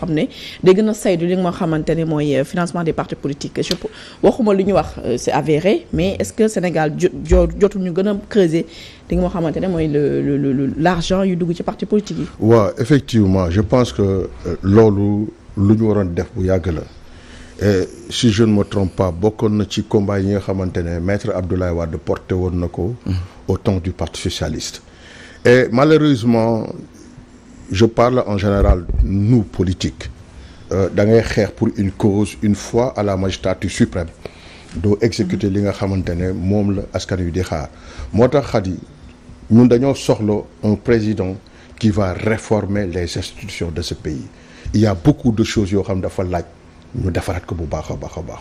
xam ne day gën a saytu li nga xamante ne mooy euh, financement des partis politiques je waxuma lu ñu wax euh, c'est avéré mais est-ce que Sénégal jo jotul ñu gën a creuser li nga xamante ne mooy le lu le l'argent yu dugg ci partis politiques yi. Ouais, waaw effectivement je pense que euh, loolu lu ñu waroon def bu yàgg la et si jeune ne me trompe bokkoon na ci combat yi nga xamante ne maître Abdoulaye Wade porté woon na ko. Mmh. au du parti socialiste. et malheureusement je parle en général nous politiques euh, da ngay xeex pour une cause une fois à la magistrature suprême doo exécuter li nga xamante ne moom la askan wi di xaar moo tax xat mun dañoo soxla un président qui va réformer les institutions de ce pays il y beaucoup de choses yoo xam dafa laaj ñu defaraat ko bu baax a baax a baax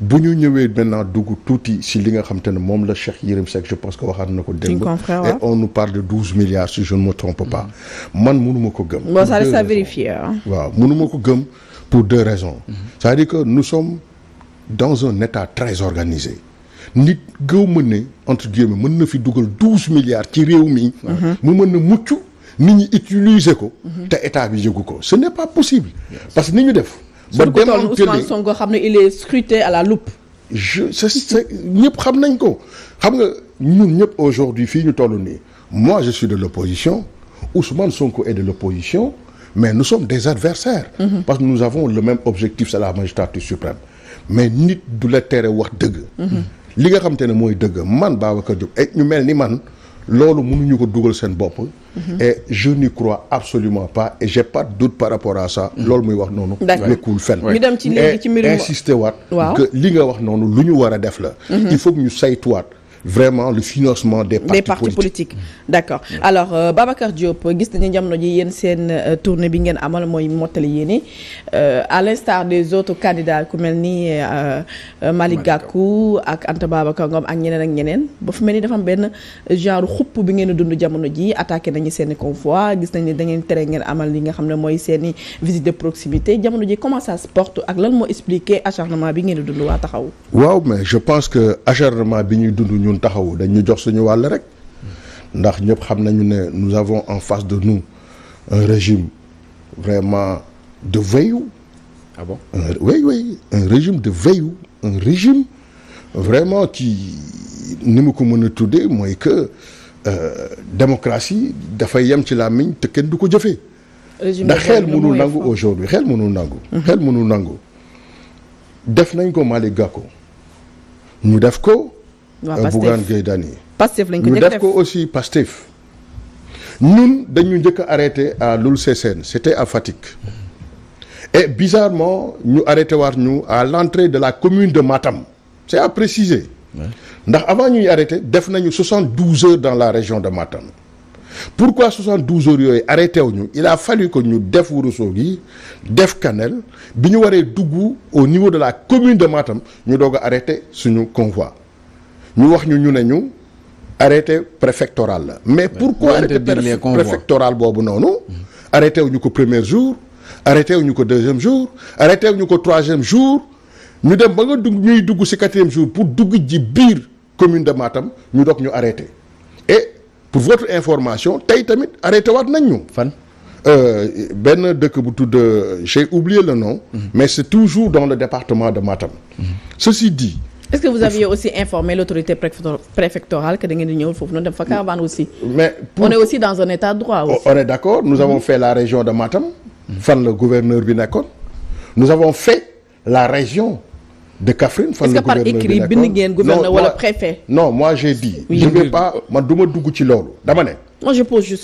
bu ñu ñëwee maintenant dugg tuuti si li nga xam te ne moom la Cheikh Yérim Seck je pense que waxaat na ko démb et on nous parle de douze milliards si je ne trompe pas mm. man mënuma ko gëm bon ça reste à vérifier waaw mënuma ko gëm pour deux raisons mm-hmm. c'est-à-dire que nous sommes dans un état très organisé nit gëw mën ne entre guillemets mën na fi dugal douze milliards ci réew mi mm-hmm. mu mën na mucc nit ñi utiliser ko mm-hmm. te état bi yëgu ko ce n'est pas possible que ni ñu def ba dem am Sonko xam ne il est scruté à la loupe. je c'est ñëpp xam nañ ko xam nga ñun ñëpp aujourd'hui fii ñu toll nii moi je suis de l'opposition Ousmane Sonko est de l'opposition mais nu sommes des adversaires mmh. parce que nous avons le même objectif c'est la magistrature suprême mais nit du la tere wax dëgg mm-hmm. li nga xam te ne mooy dëgg man ka Diop et eh, ñu mel ni man loolu mënuñu ko dugal seen bopp. et je n'y crois absolument pas et j'ai pas de doute par rapport à ça. loolu muy wax noonu. nekkul fenn. ñu dem ci léegi ci mbirum insister waat. waaw li nga wax noonu lu ñu war a def la. Mhm. il faut que ñu saytuwaat. vraiment le financement des partis, des partis politiques. politiques. d'accord mm. alors euh, Babacar Diop gis nañu jamono ji yéen seen euh, tournée bi ngeen amal mooy mottali yéene euh, à l'instar des autres candidats ku mel ni euh, Malick Gakou ak Anta Babacar Ngom ak ñeneen ak ñeneen ba fu mel ni dafa benn genre xupp bi ngeen dund jamono ji attaqué nañu seen i gis nañu ne da ngeen tere ngeen amal li nga xam ne mooy seen i de proximité jamono ji comment ça ak lan moo expliquer acharnement bi ngeen dund waa taxaw waaw mais je pense bi ñuy dund ñun taxawu dañ ñu jox suñu wàll rek ndax ñëpp xam nañu ne nous avons en face de nous un régime vraiment de voyous. ah bon un oui régime de voyous un régime vraiment ci ni mu ko mën a tuddee mooy que euh, démocratie dafay yem ci làmmiñ te kenn du ko jëfee. ndax xel mënul nangu aujourd'hui xel mënul nangu. Mhm. xel mënul def nañ ko Malick Gakou ñu def ko. waaw euh, Bougane Gueye Dany Pastef lañ ko ñu def ko aussi Pastef ñun dañu njëkk arrêté à Loul Sessène c'était à Fatick et bizarrement ñu arrêté waat ñu à l'entrée de la commune de Matam c'est à ndax avant ñuy arrêté def nañu 72 heures dans la région de Matam pourquoi 72 heures yooyu arrêté wu ñu il a fallu que ñu def Ourossogui def Kanel bi ñu waree dugg au niveau de la commune de Matam ñu doog a arrêté suñu convoi ñu wax ñu ñu ne ñu arrêté préfectoral la mais pourquoi arrêté préfectoral boobu noonu mm-hmm. arrêté wu ñu ko premier jour arrêté wu ñu ko deuxième jour arrêté wu ñu ko troisième jour ñu dem ba nga dugg ñuy dugg ci quatrième jour pour dugg ji biir commune de maatam ñu doog ñu arrêté et pour votre information tey tamit arrêté waat nañ ñu fan euh, benn dëkk bu tudd euh, j'ai oublié le non mm-hmm. mais c'est toujours dans le département de Matam mm-hmm. ceci dit est-ce que vous aviez aussi informé l'autorité préfectorale que da ngeen di ñëw foofu noonu dem fa caravane aussi. mais on est aussi dans un état de droit. on est d'accord nous avons mm-hmm. fait la région de Matam. fan la gouverneur bi nekkoon. nous avons fait la région. de Kaffrine fan la gouverneur bi nekkoon est-ce ngeen gouverneur wala préfet. non moi j'ai dit. Oui. je vais du ma dugg ci loolu dama ne. moi je pose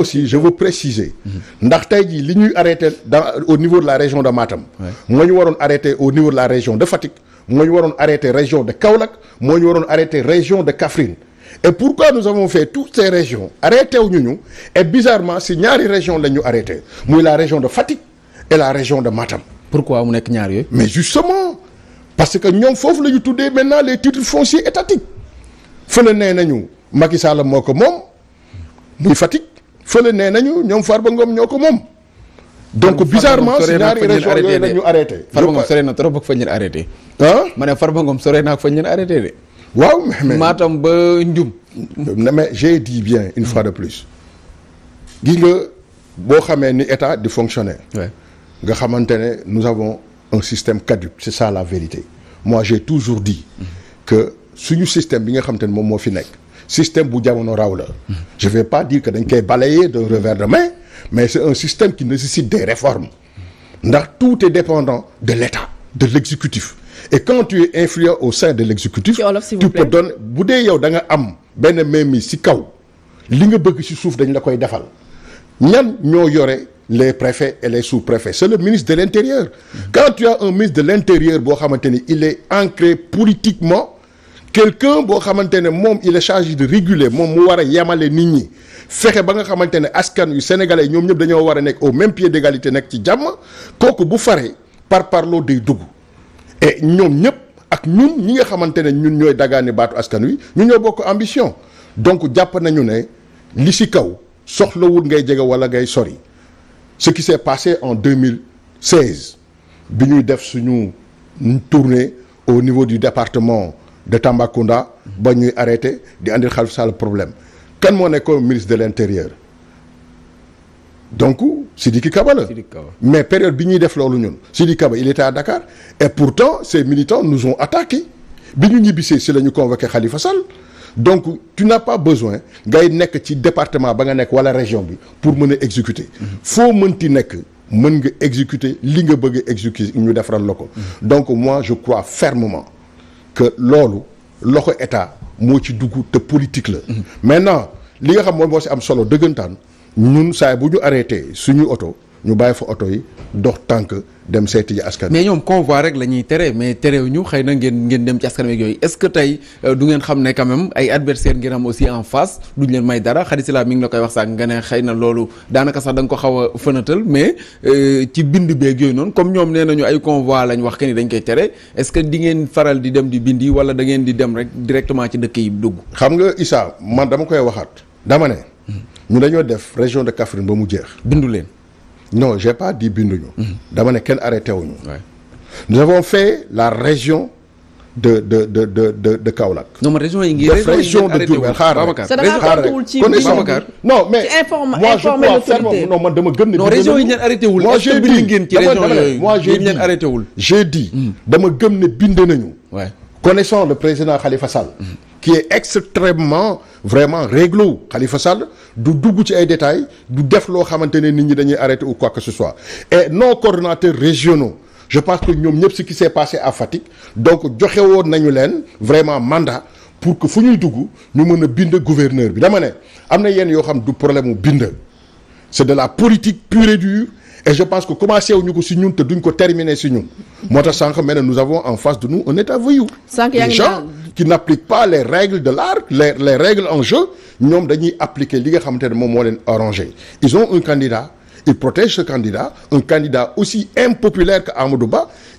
aussi je veux préciser. Mm-hmm. ndax tey jii li ñuy arrêté dans au niveau de la région de Matam. moo ñu waroon arrêté au niveau de la région de Fatick. moo ñu waroon arrêté région de Kaolack moo ñu waroon arrêté région de Kaffrine et pourquoi nous avons fait tout ces région arrêté wuñu ñu et bizarrement si ñaari région lañu ñu arrêté muy la région de Fatick et la région de Matam. pourquoi mu nekk ñaar yooyu. mais justement parce que ñoom foofu la ñu tuddee maintenant les titres fonciers étatiques fële nee nañu Macky Sall moo ko moom muy Fatick fële nee nañu ñoom Farba Ngom ñoo ko moom. donc bizarrement si ñaari région yooyu la ñu arrêté. Farba na trop ak fa ñu arrêté. ah ma ne Farba Ngom sore na fa ñu arrêté de. waaw mais Matam ba Ndioum. mais j'ai dit bien une fois de plus. gis nga boo xamee ni état di fonctionner. nga xamante ne nous avons un système caduc c'est ça la vérité. moi j'ai toujours di que suñu système bi nga xamante ne moom moo fi nekk. système bu jamono raw la. Mm. je vais pas dire que dañ koy balayer d'un revers de mai mais c'est un système qui nécessite des réformes ndax tout est dépendant de l'État de l'exécutif et quand tu es influent au sein de l'exécutif tu peux donner bu dee yow danga am benn mainmise ci kaw li nga bëgg ci suuf dañu la koy defal ñan ñoo yore les préfets et les sous-préfets c'est le ministre de l'intérieur quand tu as un ministre de l'intérieur boo xamante ni il est ancré politiquement quelque boo xamante ne moom il est chargé de réguler moom mu war a yemale nit ñi fexe ba nga xamante ne askan yu sénégalais ñoom ñëpp dañoo war a nekk au même pied d'égalité nekk ci jàmm kooku bu fare par parloo day dugg et ñoom ñëpp ak ñun ñi nga xamante ne ñun ñooy dagaane baatu askan wi ñu ñoo bokk ambition donc jàpp nañu ne li si kaw soxlawul ngay jege walla ngay sori ce qui s'est passé en 2016 bi ñuy def suñu tournée au niveau du département de Tambacounda ba ñuy arrêté di andil Khalifa Sall problème kenn moo nekkoon ministre de l'intérieur donc Sidiki Kaba la mais période bi ñuy def loolu ñun Sidiki Kaba il était à Dakar et pourtant ces militants nous ont attaqués bi ñu ñibbisee si la ñu convoqué Khalifa Sall donc tu n'as pas besoin ngay nekk ci département ba nga nekk wala région bi pour mën a exécuter foo mënti nekk mën nga exécuter li nga bëgg a exécuter ñu defaral la ko mm-hmm. donc moi je crois fermement que loolu loxo état moo ci dugg te politique la. Mhm. maintenant li nga xam moom moo si am solo dëggantaan ñun saay bu ñu arrêté suñuy oto. ñu bàyyi fa oto yi dox tànk dem seeti ji askan mais ñoom convoi rek la ñuy tere mais terew ñu xëy na ngeen ngeen dem ci askan wi yooyu ce que tey euh, du ngeen xam ne quand même ay adversaire ngeen am aussi en face duñ leen may dara xadisi laa mi ngi la koy wax sax nga ne xëy na loolu daanaka sax da ko xaw a fënatal mais euh, ci bind beeg yooyu noonu comme ñoom nee nañu ay convoi lañ wax que ni dañ koy tere est-ce que di ngeen faral di dem di bindi wala da ngeen di dem rek directement ci dëkk yi dugg xam nga Issa man dama koy waxaat dama ne hmm. ñu dañoo def région de Kaffrine ba mu jeex bindu leen non j'ai pas dit binduñu. Mhm. dama ne kenn arrêté wuñu. nous avons fait la région. de de de de de de Kaolack. non mais région yi ngeen région de Diourbel xaaral rek xaaral rek mais moi je dama gëm ne. non région yi ñu leen arrêté wul. wul. j'ai dit mhm. dama gëm ne bind nañu. waay connaissant le président Khalifa sal mhm. qui e extrêmement vraiment réglo Khalifa Sall du dugg ci ay détails du def loo xamante ne nit ñi dañuy arrêter ou quoi que ce soit et nos coordonnateurs régionaux je pense que ñoom ñëpp ce qui s'est passé à Fatick donc joxe woon nañu leen vraiment mandat pour que fu ñuy dugg ñu mën a bind gouverneur bi dama ne am na yenn yoo xam du problème mu bind c'est de la politique pure et et je pense que commencé wu ñu ko si ñun te duñ ko terminer si ñun moo tax sànq maintenant nous avons en face de nous un état voyou des gens qui n'appliquent pas les règles de l'art les les règles en jeu ñoom dañuy appliqué li nga xamante ne moom moo leen arrangé ils ont un candidat ils protègent ce candidat un candidat aussi impopulaire que Amadou Ba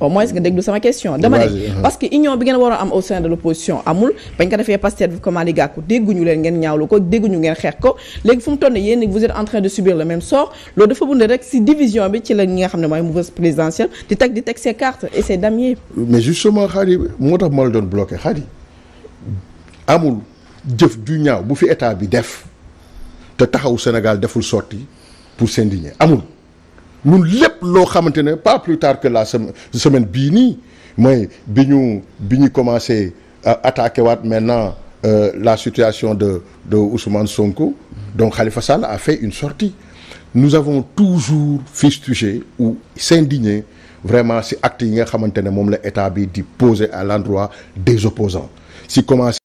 au moins nga déglu sama question dama ne parce que union bi ngeen waroon am au sein de l'opposition amul bañ ko defee Pastef bi commande gàkku dégguñu leen ngeen ñaawlu ko dégguñu ngeen xeex ko léegi fu mu toll nii yéen vous en train de subir le même sort bi ci la ñi nga xam ne mooy mouvance présidentielle di teg di teg ses cartes et ses mais justement xaari moo tax ma doon bloqué xaari amul jëf ju ñaaw bu fi état bi def te taxaw Sénégal deful sorti pour s'indigner amul ñun lépp loo xamante ne pas plus tard que la semaine bii nii mooy bi ñu bi ñu commencé euh, attaqué waat maintenant euh, la situation de de Ousmane Sonko donc Khalifa Sall a fait une sortie nous avons toujours fustigé ou s'indigné vraiment si acte yi nga xamante ne moom la état bi di poser à l'endroit des opposants